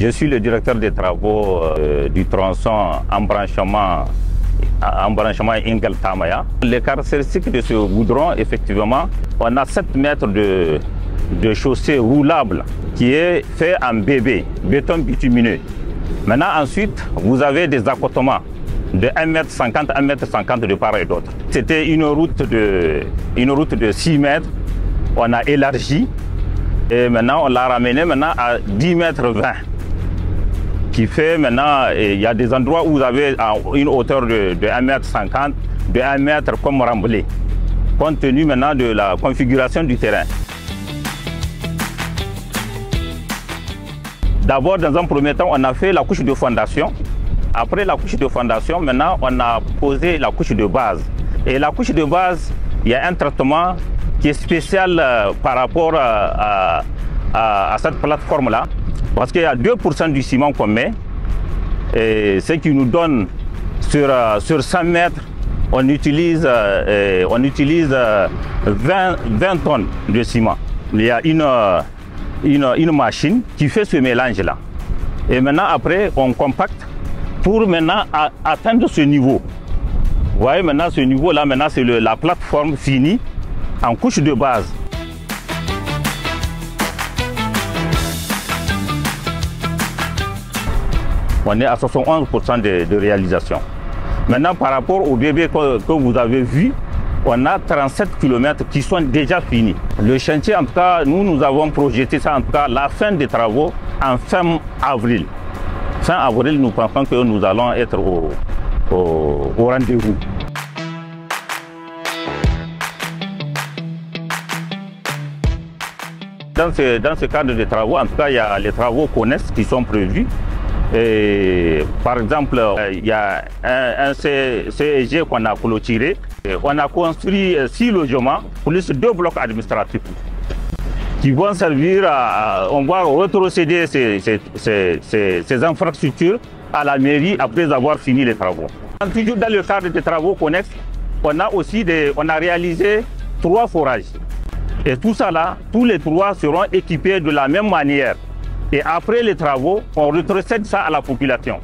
Je suis le directeur des travaux euh, du tronçon embranchement embranchement Les caractéristiques de ce goudron, effectivement, on a 7 mètres de, de chaussée roulable qui est fait en bébé, béton bitumineux. Maintenant, ensuite, vous avez des accotements de 1m50 1m50 de part et d'autre. C'était une route, de, une route de 6 mètres. On a élargi et maintenant on l'a ramené maintenant à 10 mètres 20. M qui fait maintenant, il y a des endroits où vous avez une hauteur de, de 1m50, de 1 m comme Ramblé, compte tenu maintenant de la configuration du terrain. D'abord, dans un premier temps, on a fait la couche de fondation. Après la couche de fondation, maintenant, on a posé la couche de base. Et la couche de base, il y a un traitement qui est spécial euh, par rapport euh, à cette plateforme-là. Parce qu'il y a 2% du ciment qu'on met, et ce qui nous donne sur, 100 euh, mètres, on utilise, euh, on utilise 20, euh, tonnes de ciment. Il y a une, une machine qui fait ce mélange-là. Et maintenant, après, on compacte pour maintenant atteindre ce niveau. Vous voyez, maintenant, ce niveau-là, maintenant, c'est la plateforme finie en couche de base. on est à 71% de, réalisation. Maintenant, par rapport au bébé que, vous avez vu, on a 37 km qui sont déjà finis. Le chantier, en tout cas, nous, nous avons projeté ça, en tout cas, la fin des travaux en fin avril. Fin avril, nous pensons que nous allons être au, rendez-vous. Dans ce, cadre de travaux, en tout cas, il y a les travaux connaissent qui sont prévus. Et, par exemple, euh, il y a un, CEG qu'on a clôturé. on a construit euh, six logements plus deux blocs administratifs qui vont servir à, on va retrocéder ces, infrastructures à la mairie après avoir fini les travaux. Toujours dans le cadre des travaux connexes, on a aussi des, on a réalisé trois forages. Et tout ça là, tous les trois seront équipés de la même manière. Et après les travaux, on retrocède ça à la population.